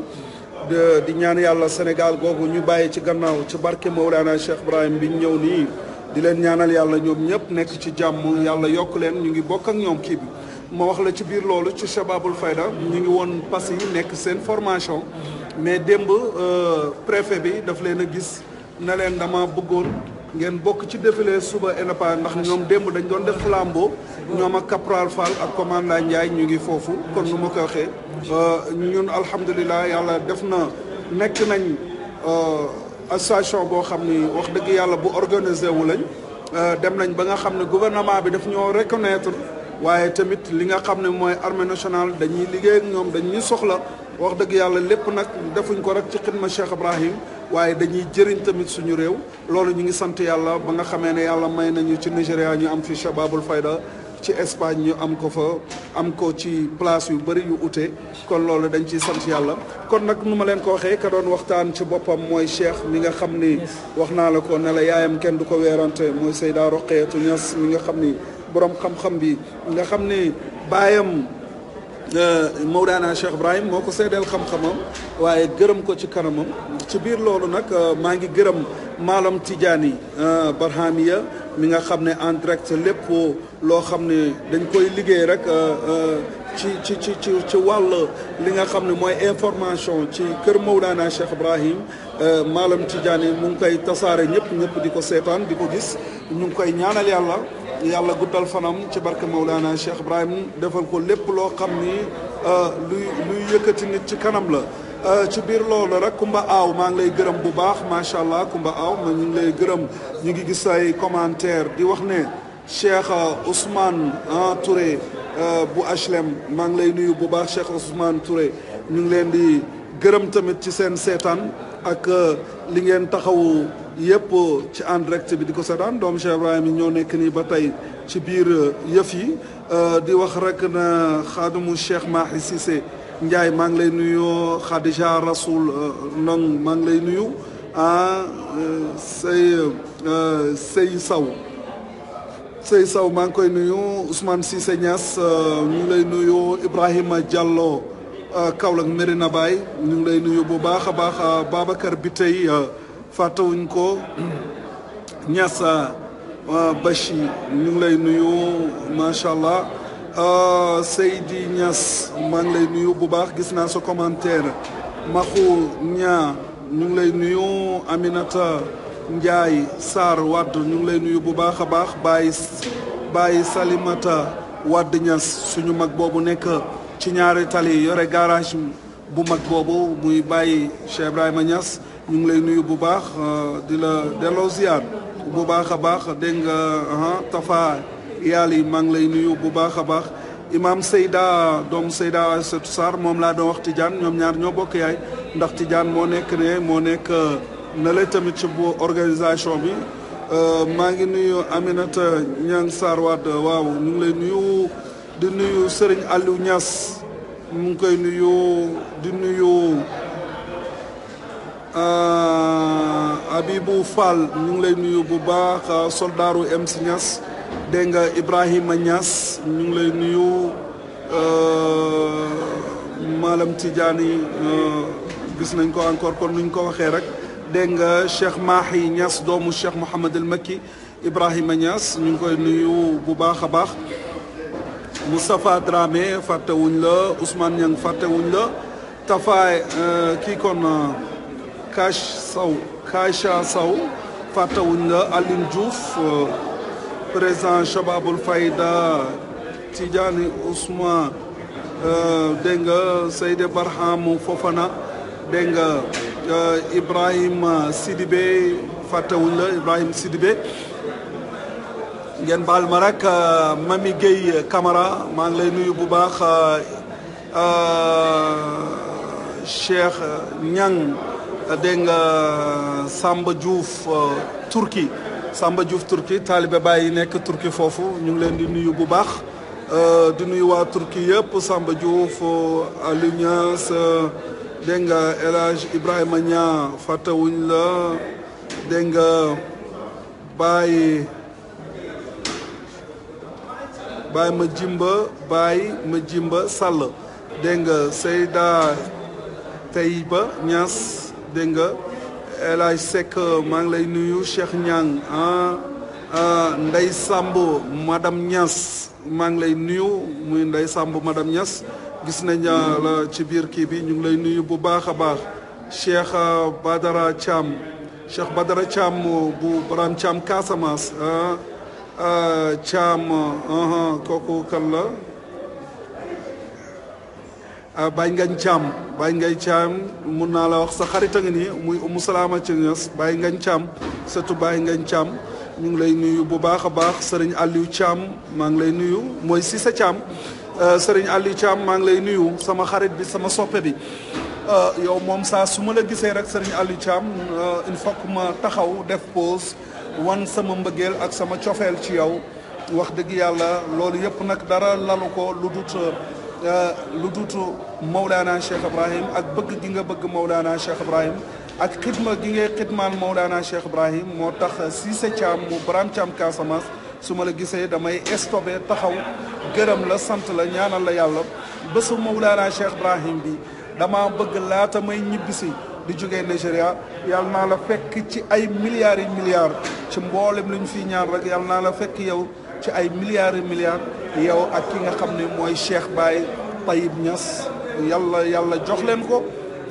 de di ñaan yàlla Sénégal googu ñu bàyyi ci gannaaw ci barke Mawlana Cheikh Ibrahim bi ñëw nii. di leen ñaanal yàlla ñoom ñëpp nekk ci jàmm yàlla yokk leen ñu ngi bokk ak ñoom kii bi. ma wax la ci biir loolu ci Shababul Fayda ñu ngi woon Passy nekk seen formation mais démb euh, préfet bi daf leen a gis. na leen dama bëggoon ngeen bokk ci défilé suba ENAPA ndax ñoom démb dañ doon def flambeau ñoom a Capral Fall ak commandant Ndiaye ñu ngi foofu kon nu ma ko waxee euh, ñun alhamdulillah yàlla def na nekk nañ association euh, boo xam ni wax dëgg yàlla bu organisé wu lañ euh, dem nañ ba nga xam ne gouvernement bi daf ñoo reconnaître waaye tamit li nga xam ne mooy armée nationale dañuy liggéey ak ñoom dañuy soxla wax dëgg yàlla lépp nag defuñ ko rek ci xidma Cheikh Ibrahim waaye dañuy jëriñ tamit suñu réew loolu ñu ngi sant yàlla ba nga xamee ne yàlla may nañu ci Nigéria ñu am fi Shababul Fayda ci Espagne ñu am ko fa am ko ci place yu bëri yu ute kon loolu dañ ciy sant yàlla kon nag nu ma leen ko waxee ka doon waxtaan ci boppam mooy cheikh mi nga xam ni wax naa la ko ne la yaayam kenn du ko weerante mooy Seyda Roqeetu Ñas mi nga xam ni borom xam bi nga xam ni baayam Euh, Mawdana Cheikh Ibrahim moo ko seedeel xam-xamam waaye gërëm ko ci kanamam ci biir loolu nag euh, maa ngi gërëm maalam Tidjani euh, Barhamiya mi nga xam ne en direct lépp loo xam ne dañ koy liggéey rek ci ci ci ci ci wàll li nga xam ne mooy information ci kër Mawlana Cheikh Ibrahim maalam Tidjani mu ngi koy tasaare ñëpp ñëpp di ko seetaan di ko gis ñu ngi koy ñaanal yàlla. yàlla guddal fanam ci barke Maulana Cheikh Ibrahim defal ko lépp loo xam ni euh, luy luy yëkkati nit ci kanam la. Euh, ci biir loolu rek Kumba Aaw maa ngi lay gërëm bu baax macha allah Kumba Aaw ma ñu ngi lay gërëm ñu ngi gis ay commentaire di wax ne Cheikh euh, Ousmane Touré bu HLM maa ngi lay nuyu bu baax Cheikh Ousmane Touré ñu ngi leen di gërëm tamit ci seen seetaan. ak euh, li ngeen taxawu yëpp ci en direct bi di ko seetaan doom Cheikh Ibrahima ñoo nekk nii ba tey ci biir euh, yëf yi euh, di wax rek na xaadimu Cheikh Mahi Cissé Ndiaye maa ngi lay nuyu Khadija Rasoul Ndong maa ngi lay nuyu ah say sey saw Sey Saw maa ngi koy nuyu Ousmane Cissé Niass ñu ngi lay nuyu Ibrahima Diallo Euh, Kaolack Médina Baye ñu ngi lay nuyu bu baax a baax euh, Babacar bi tey euh, fàttewuñ ko Niass Bachi ñu lay nuyu macha allah Seydi Niass maa ngi lay nuyu bu baax gis naa sa commentaire Maxu ñaa ñu ngi lay nuyu Aminata Ndiaye Sarr Wadd ñu ngi lay nuyu bu baax a baax Baye Baye Salimata Wadd Niass suñu mag boobu nekk. ci ñaari tali yore garage bu mag boobu muy bàyyi Cheikh ma ñas ñu ngi lay nuyu bu baax euh, di la delloo ziar bu baax a baax dégg nga Tafa Yali maa ngi lay nuyu bu baax a baax imam Seyda doomu Seyda Aïssatou saar moom laa doon wax Tidiane ñoom ñaar ñoo bokk yaay ndax Tidiane moo nekk ne moo nekk euh, na lay tamit ci bu organisation bi euh, maa ngi nuyu Aminata Niang Sarr Wade waaw ñu ngi lay nuyu. di nuyu Serigne Aliou Niass mu ngi koy nuyu di nuyu euh, Abibou Fall ñu ngi lay nuyu bu baax euh, soldaaru MC Niass dégg nga Ibrahima Niass ñu ngi lay nuyu euh, Malam Tidiane gis nañ ko encore kon nuñ ko waxee rek dégg nga Cheikh Mahi Niass doomu Cheikh Mouhamad El Makki Ibrahima Niass ñu ngi koy nuyu bu baax a baax. Moustapha Dramé fàttewuñ la Ousmane Niang fàttewuñ la Tafaay euh, kii kon euh, Kash Sow Kacha Sow fàttewuñ la Aline Diouf euh, président Shababul Fayda Tidjani Ousmane dégg nga Seyde Barham Fofana dégg nga Ibrahima Sidibé fàttewuñ la Ibrahima Sidibé ngeen baal ma rek euh, Mami Gueye kamara maa ngi lay nuyu bu baax euh, euh, Cheikh Niang dégg nga Samba Diouf Turki Samba Diouf Turki taalibe Baay yi nekk Turki foofu ñu ngi leen di nuyu bu baax di nuyu waa Turki yëpp Samba Diouf Alliance dégg nga El Hadj Ibrahima Niang fàttewuñ la dégg nga Baay Baye Madjimba Baye Madjimba Sall dégg nga Seyda Tayiba Niass dégg nga El Hadj Seck maa ngi lay nuyu Cheikh Niang ah sàmb ah, Samb madame maa ngi lay nuyu muy Ndeye Samb madam ñas gis nañ ah, la ci biir kii bi ñu ngi lay nuyu bu baax a baax Cheikh ah, Badara Thiam Cheikh Badara Thiam bu Baram Thiam Casamance ah. Thiam kooku kan la Baye Ngañ Thiam Baye Ngañ Thiam mun naa la wax sa xarit a ngi nii Umu Salaama ci Ñas Ngañ caam surtout Baye Ngañ caam ñu ngi lay nuyu bu baax a baax sëriñ àll Thiam maa ngi lay nuyu mooy Cissé Thiam Serigne Aliou Thiam maa ngi lay nuyu sama xarit bi sama soppe bi yow moom saa su ma la gisee rek sëriñ Aliou Thiam il faut que ma taxaw def pause. wan sama mbëggeel ak sama cofeel ci yow wax dëgg yàlla loolu yëpp nag dara lalu ko lu dut euh, lu dut Mawlana Cheikh Ibrahim ak bëgg gi nga bëgg Mawlana Cheikh Ibrahim ak xidma gi ngay xidmaal Mawlana Cheikh Ibrahim moo tax Cissé Thiam mu Bram Thiam Casamance su ma la gisee damay stopé taxaw gërëm la sant la ñaanal la yàlla bésu Mawlana Cheikh Ibrahim bi dama bëgg laata may ñibbisi di jógee Nigéria yàlla naa la fekk ci ay milliards yi milliards ci mboolem lu ñu fiy ñaan rek yàlla naa la fekk yow ci ay milliards yi milliards yow ak ki nga xam ne mooy Cheikh baay Tayib ñas yàlla yàlla jox leen ko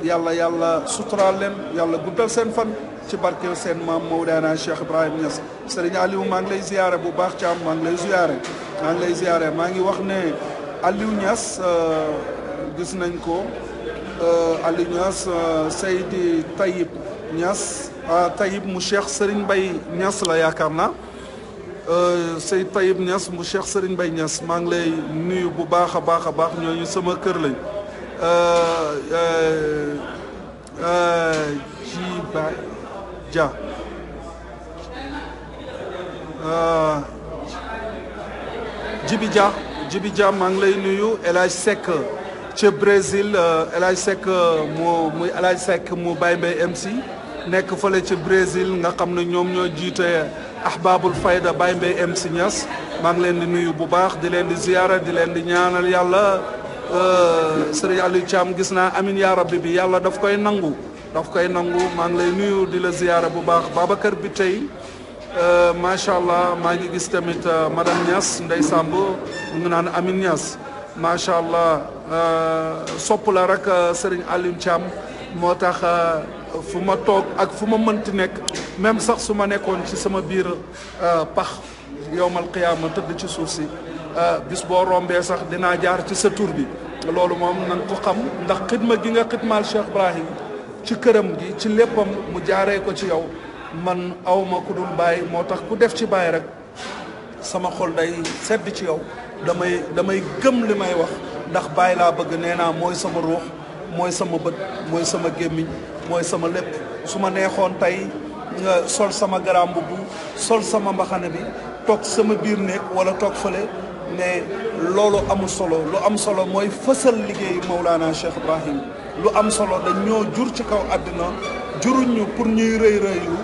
yàlla yàlla suturaal leen yàlla guddal seen fan ci barkeel seen maam Mawlana Cheikh Ibrahim Niass sëriñ Aliou maa ngi lay ziyaare bu baax ci maa ngi lay ziyaare maa ngi lay ziyaare maa ngi wax ne Aliou Niass euh, gis nañ ko Euh, Aliou Niass euh, Seydi Tayib Niass ah, Tayib mu Cheikh Serigne bay ñaas la yaakaar naa euh, Seydi Tayib Niass mu Cheikh Serigne Mbaye Niass maa ngi lay nuyu bu baax a baax a baax ñooñu sama kër lañ Jiba Dia Dia Jibi Dia maa ngi lay nuyu El Hadj Seck ca Brésil euh, euh, El Hadj Seck moo muy El Hadj mu Baye Mbaye MC nekk fële ci Brésil nga xam ne ñoom ñoo jiite ahbabul fayda Baye Mbaye MC Niass maa ngi leen di nuyu bu baax di leen di ziyaara di leen di ñaanal yàlla euh, sëriñ Aliou Thiam gis naa amin yaa rabbi bi yàlla daf koy nangu daf koy nangu maa ngi lay nuyu di la ziyaara bu baax kër bi tey macha allah maa ngi gis tamit madame Niass Ndeye Samb mu ngi naan Amine Niass. ما شاء الله سوبل رك سرين عليم شام موتاخ فما توك اك فما منتنك ميم صاح سوما نيكون سي سما بير باخ يوم القيامه تد سي سوسي بس بو رومبي صاح دينا جار سي ستور بي لولو موم نانكو خام دا خدمه جيغا خدمه الشيخ ابراهيم سي كرم جي سي ليبام مو جاري كو سي يو من اوما كودول باي موتاخ كو ديف سي باي رك سما خول داي سيد سي يو damay damay gëm li may wax ndax bàyyi laa bëgg nee naa mooy sama ruux mooy sama bët mooy sama gémmiñ mooy sama lépp su ma neexoon tey sol sama garaam bu sol sama mbaxane bi toog sama biir néeg wala toog fële mais loolu amul solo lu am solo mooy fësal liggéey Mawlana Cheikh Ibrahim lu am solo dañ ñoo jur ci kaw àddina juruñ pour ñuy rëy rëylu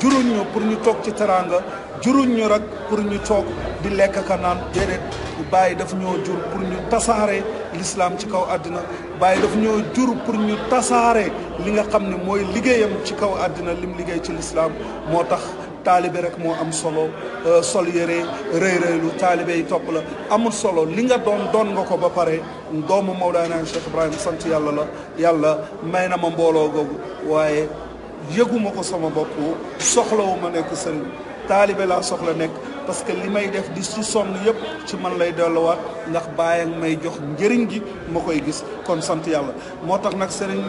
juruñ pour ñu toog ci teraanga juruñ ñu rek pour ñu toog di lekk ka naan déedéet bàyyi daf ñoo jur pour ñu tasaare l'islam ci kaw àddina bàyyi daf ñoo jur pour ñu tasaare li nga xam ne mooy liggéeyam ci kaw àddina lim liggéey ci lislaam moo tax taalibe rek moo am solo euh, sol yére rëy rëylu taalibe yi topp la amul solo li nga doon doon nga ko ba pare doomu Mawlaana Cheikh Ibrahima sant yàlla la yàlla may na ma mbooloo googu waaye yëguma ko sama bopp soxlawu ma nekk sëriñ taalibe laa soxla nekk parce que li may def di su sonn yëpp ci man lay delluwaat ndax bàyyi may jox njëriñ gi ma koy gis kon sant yàlla moo tax nag sëriñ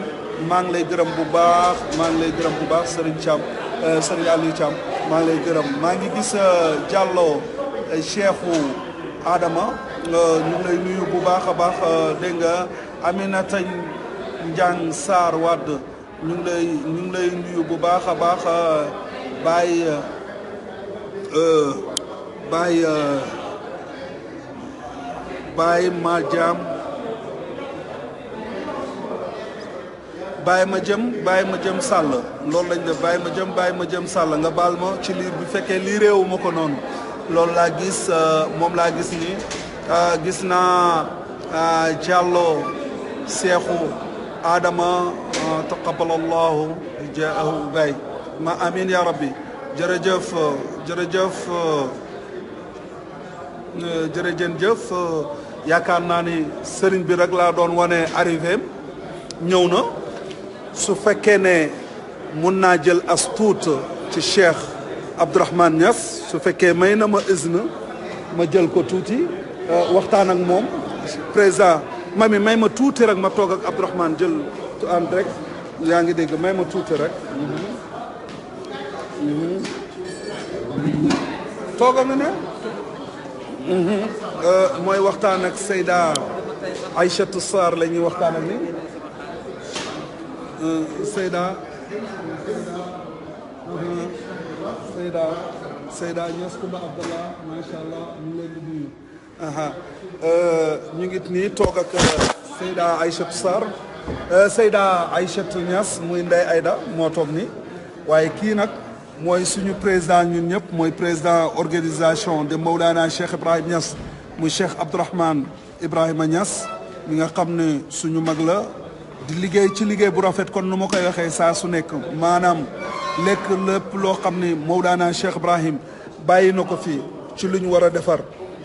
maa ngi lay gërëm bu baax maa ngi lay gërëm bu baax sëriñ Thiam euh, sëriñ Aliou Thiam maa ngi lay gërëm maa ngi gis euh, Diallo euh, Cheikhou Adama ñu ngi nuyu bu baax a baax dégg nga Aminata Njang Sarr Wadd ñu ngi lay ñu lay nuyu bu baax a baax bàyyi. Baye euh, Baye Madiam Baye Madiam Baye Madiam Sall loolu lañ def Baye Madiam ma Madiam sàll nga baal ma ci liir bu fekkee lii réewu ko noonu lool laa gis euh, moom laa gis nii euh, gis naa Diallo Seexu Adama taqabbalallahu jaahu Baye ma amin ya rabbi jërëjëf jërëjëf Euh, jërëjën jëf euh, yaakaar naa ni sëriñ bi rek laa doon wane arrivé ñëw na su fekkee ne mun naa jël as tuut ci Cheikh Abdourahmane Niass su fekkee may na ma izna ma jël ko tuuti euh, waxtaan ak moom président mami may ma tuuti rek ma toog ak Abdourahmane jël en direct yaa ngi dégg may ma tuuti rek mhm. toogal na ne Euh, mooy waxtaan ak Seyda Aïchatou Sarr la ñuy waxtaan ak ni euh, euh, allah ñu ngi leen di nuyu ñu ngi toog ak Seyda Aïchatou Sarr Seyda Aïchatou Niass muy Ndeye moo toog nii waaye kii mooy suñu président ñun ñëpp mooy président organisation de Maulana Cheikh Ibrahima Niass muy Cheikh Abdourahmane Ibrahima ñas mi nga xam ne suñu mag la di liggéey ci liggéey bu rafet kon nu ma koy waxee saa su nekk maanaam lekk lépp loo xam ne Maulana Cheikh Ibrahim bàyyi na ko fi ci lu ñu war a defar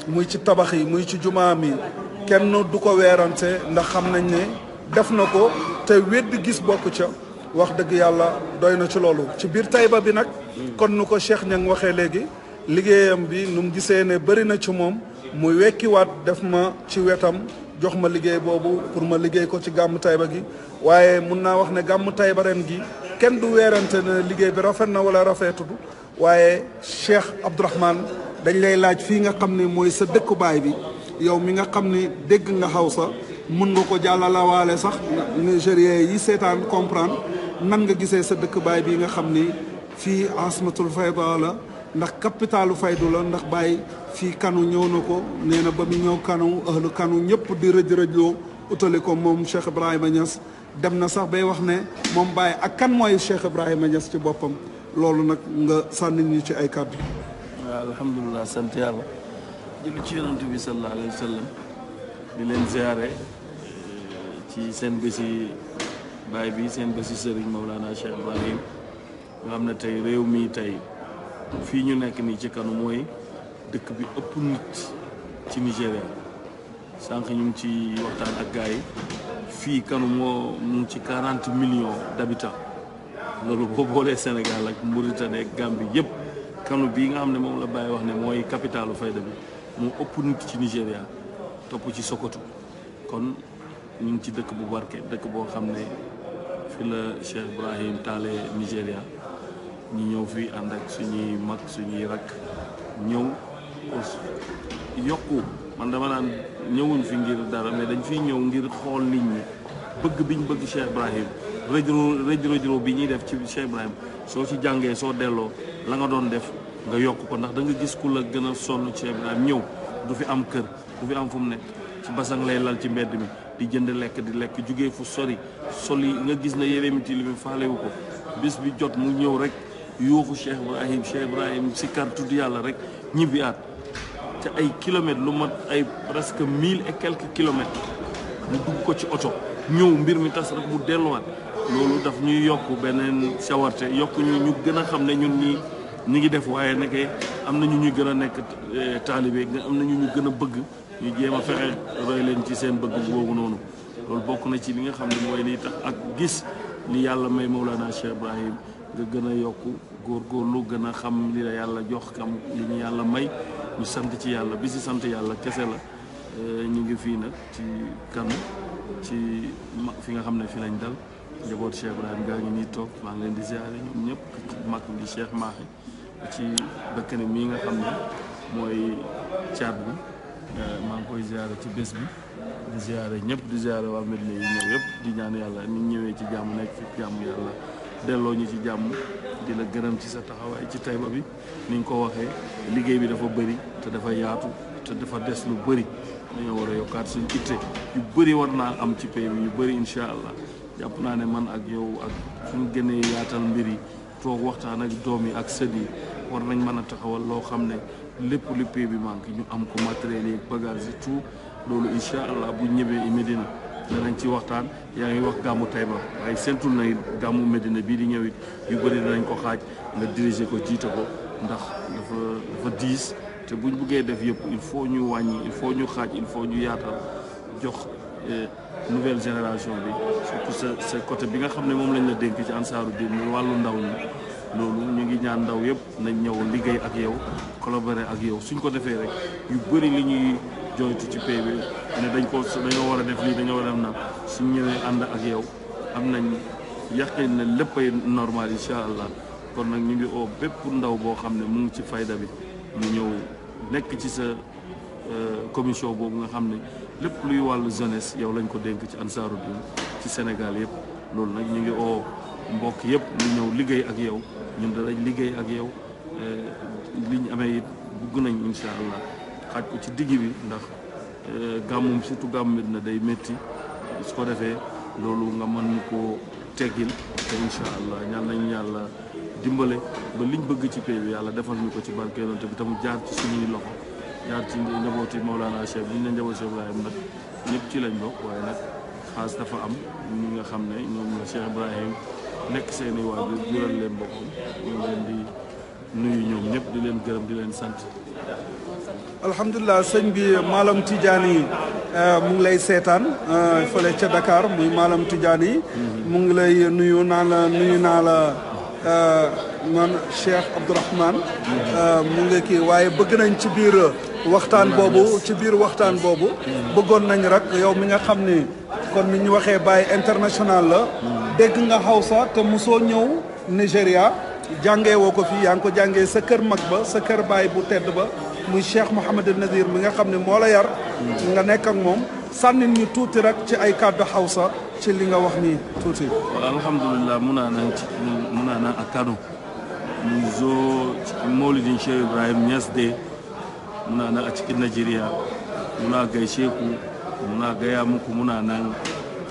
muy ci tabax yi muy ci jumaa mi kenn du ko weerante ndax xam nañ ne def na ko te wedd gis bokk ca wax dëgg yàlla doy na ci loolu ci biir Taïba bi nag kon nu ko Cheikh Niang waxee léegi liggéeyam bi num gisee ne bëri na ci moom muy wekkiwaat def ma ci wetam jox ma liggéey boobu pour ma liggéey ko ci gàmmu Taïba gi waaye mun naa wax ne gàmmu Taïba ren gi kenn du weerante ne liggéey bi rafet na wala rafetul waaye Cheikh Abdourahmane dañ lay laaj fii nga xam ni mooy sa dëkku baay bi yow mi nga xam ni dégg nga Hausa mun nga ko jàllalawaale sax nigérien yi seetaan comprendre nan nga gisee sa dëkk baay bi nga xam ni fii asmatul fayda la ndax capitalu faydu la ndax bàyyi fii kanu ñëw na ko nee na ba mu ñëw kanu ahlu kanu ñëpp di rëj rëjloo utali ko moom Cheikh Ibrahima Niass dem na sax bay wax ne moom bàyyi ak kan mooy Cheikh Ibrahima Niass ci boppam loolu nag nga sànni ñu ci ay kàddu. waaw alhamdulilah sant yàlla. julli ci yonent bi sallallahu alayhi wa leen ziare ci seen bési. baay bi seen ba si sëriñ Mawlana Cheikh Ibrahim nga xam ne tey réew mi tey fii ñu nekk nii ci kanu mooy dëkk bi ëpp nit ci Nigéria sànq ñu ngi ci waxtaan ak gars fii kanu moo mu ci quarante millions d'habitants loolu boo boolee Sénégal ak Mauritanie ak Gambie yëpp kanu bii nga xam ne moom la Baye wax ne mooy capitalu fayda bi moo ëpp nit ci Nigéria topp ci sokotu kon ñu ngi ci dëkk bu barke dëkk boo xam ne fi la Cheikh Ibrahim taale Nigéria ñu ñëw fii ànd ak suñuy mag suñuy rakk ñëw yokku man dama naan ñëwuñ fi ngir dara mais dañ fi ñëw ngir xool nit ñi bëgg biñ bëgg Cheikh Ibrahim rëjro rëjro bi ñuy def ci Cheikh Ibrahim soo ci jàngee soo delloo la nga doon def nga yokk ko ndax da gis ku la gën a sonn Cheikh Ibrahim ñëw du fi am kër du fi am fu mu ne ci basang lay lal ci mbedd mi di jënd lekk di lekk jóge fu sori sol yi nga gis na Yérémi Tilibi faalewu ko bis bi jot mu ñëw rek yuuxu Cheikh Ibrahim Cheikh Ibrahim sikkar tudd yàlla rek ñibbi at te ay kilomètres lu mat ay presque mille et quelques kilomètres mu dugg ko ci oto ñëw mbir mi tas rek mu delluwaat loolu daf ñuy yokk beneen sawarte yokk ñu ñu gën a xam ne ñun ñi ñu ngi def waaye nekkee am na ñu ñu gën a nekk eh, taalibe am na ñu ñu gën a bëgg ñu jéem a fexe roy leen ci seen bëgg boobu noonu loolu bokk na ci li nga xam ne mooy liy tax ak gis li yàlla may Mawlana Cheikh Ibrahim nga gën a yokk lu gën a xam li yàlla jox kam li ñu yàlla may ñu sant ci yàlla bi si sant yàlla kese la euh, ñu ngi fii nag ci kan ci mag fi nga xam ne fi lañ dal njaboot Cheikh Ibrahim gaa ngi nii toog maa ngi leen di ziare ñoom ñëpp mag di Cheikh Mahi ci dëkk ne mii nga xam ne mooy caat bi Euh, maa ngi koy ziare ci bés bi di ziare ñëpp di ziare waa Medina yi ñëw yëpp di ñaan yàlla ni ñëwee ci jàmm nekk ci jàmm yàlla delloo ñu ci jàmm di la gërëm ci sa taxawaay ci Taïba bi ni nga ko waxee liggéey bi dafa bëri te dafa yaatu te dafa des lu bëri dañoo war a yokkaat suñ itte yu bëri war naa am ci pays bi yu bëri incha allah jàpp naa ne man ak yow ak suñ gënee yaatal mbir yi toog waxtaan ak doom yi ak sët yi war nañ mën a taxawal loo xam ne lépp lu pays bi manque ñu am ko matériel yi bagage tout loolu incha allah bu ñebee ñëwee Medina danañ ci waxtaan yaa ngi wax gàmmu Taïba waaye seentul na gàmmu Medina bii di ñëwit yu bëri danañ ko xaaj nga diriger ko jiite ko ndax dafa dafa diis te buñ buggee def yëpp il faut ñu wàññi il faut ñu xaaj il faut ñu yaatal jox eh, nouvelle génération bi surtout sa sa côté bi nga xam ne moom lañ la dénk ci ansaaru diin wàllu ndaw ñi loolu ñu ngi ñaan ndaw yëpp nañ ñëw liggéey ak yow collaborer ak yow suñ ko defee rek yu bëri li ñuy joytu ci pay bi ne dañ ko dañoo war a def lii dañoo war a def na suñ ñëwee ànd ak yow am nañ yaqin ne léppay normal incha allah kon nag ñu ngi oo bépp ndaw boo xam ne mu ngi ci fayda bi ñu ñëw nekk ci sa euh, commission boobu nga xam ne lépp luy wàllu jeunesse yow lañ ko dénk ci Ansaroudine ci Sénégal yëpp loolu nag ñu ngi oo mbokk yëpp ñu ñëw liggéey ak yow ñun danañ liggéey ak yow eh, li ñu amee it bugg nañ incha allah xaaj ko ci digg bi ndax eh, gàmmum surtout gàmmit na day métti su ko defee loolu nga mën koo teggil te incha allah ñaan nañ yàlla dimbale ba liñ bëgg ci pay bi yàlla defal ñu ko ci barke yonent bi tamu jaar ci suñuy loxo jaar ci njabooti Mawlana Cheikh bi ñu ne njabooti Cheikh Ibrahim nag ñëpp ci lañ bokk waaye nag xaas dafa am ñi nga xam ne ñoom Cheikh Ibrahim nekk seeni waajur jural leen boppam ñu leen di nuyu ñoom ñëpp di leen gërëm di leen sant. alhamdulilah sëñ bi Malam Tidiane yi euh, mu ngi lay seetaan euh, fële ca dakaar muy Malam Tidiane yi. Mhm. mu ngi lay nuyu naa la nuyu naa la euh, man Cheikh Abdourahmane mhm. mu ngi kii waaye bëgg nañ ci biir. waxtaan boobu ci biir waxtaan boobu. Mhm. bëggoon nañ rek yow mi nga xam ni kon ni ñu waxee Baye international la. dégg nga Hausa te mosoo ñëw nigeria. jàngee woo ko fii yaa ngi ko jàngee sa kër mag ba sa kër baay bu tedd ba muy Cheikh Mouhamed El mi nga xam ne moo la yar. nga nekk ak moom sànnin ñu tuuti rek ci ay kàddu Hausa ci li nga wax ni tuuti. alhamdulilah muna nan ci muna nan a Kano mu zo cikin maulidin Cheikh Ibrahim Niass de muna nan a cikin Najeriya muna gay Cheikh muna gaya muku muna nan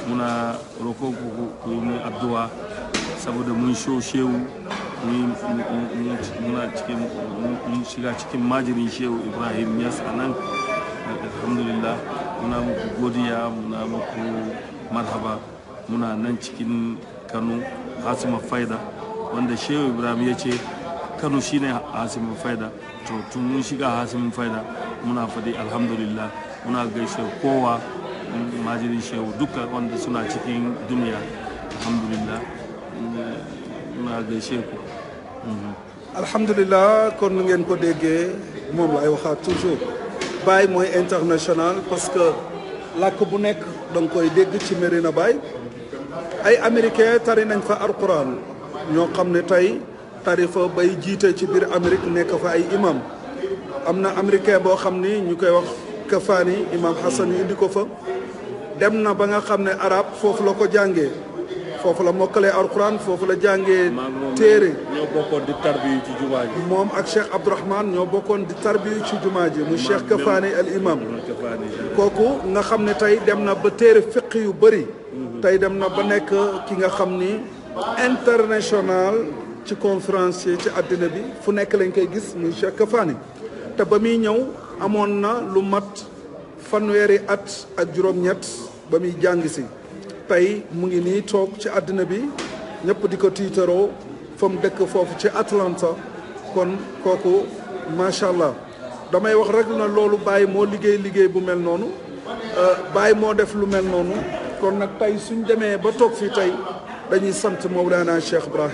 muna roƙon ku ku yi mun addu'a saboda mun sho shehu muna cikin mun shiga cikin majirin shehu ibrahim ya sanan alhamdulillah muna muku godiya muna muku marhaba muna nan cikin kano hasima faida wanda shehu ibrahim ya ce kano shine hasimin faida to tun mun shiga hasimin faida muna faɗi alhamdulillah muna gaishe kowa 마지리시오 두카 건데 수나 치킨 두니야 alhamdulilah maa ngi seeku. alhamdulilah kon nu ngeen ko déggee moom laay waxaat toujours Baye mooy international parce que làkk bu nekk da nga koy dégg ci Medina Baye ay américain tari nañ fa alquran ñoo xam ne tey tari fa bay jiite ci biir Amérique nekk fa ay imam am na américain boo xam ni ñu koy wax Kafaani imam Hassan yu indi ko fa. dem na ba nga xamne arab fofu la ko jange fofu la mokale alquran fofu la jange tere ñoo bokkon di tarbiyu ci jumaaji mom ak cheikh abdourahman ñoo bokkon di tarbiyu ci jumaaji mu cheikh kafani al imam koku nga xamne tay tey dem na ba tere fiqh yu bari tay dem na ba nek ki nga xamni international ci conférence ci adina bi fu nek lañ koy gis muy cheikh kafani te ba mi ñëw amon na lu mat fanweeri at ak juróom-ñett ba muy jàng si tey mu ngi nii toog ci àddina bi ñëpp di ko tiitaroo fa mu dëkk foofu ci Atlanta kon kooku macha allah damay wax rek na loolu bàyyi moo liggéey liggéey bu mel noonu euh, Baye moo def lu mel noonu kon nag tey suñ demee ba toog fii tey dañuy sant Mawlana Cheikh Ibrahim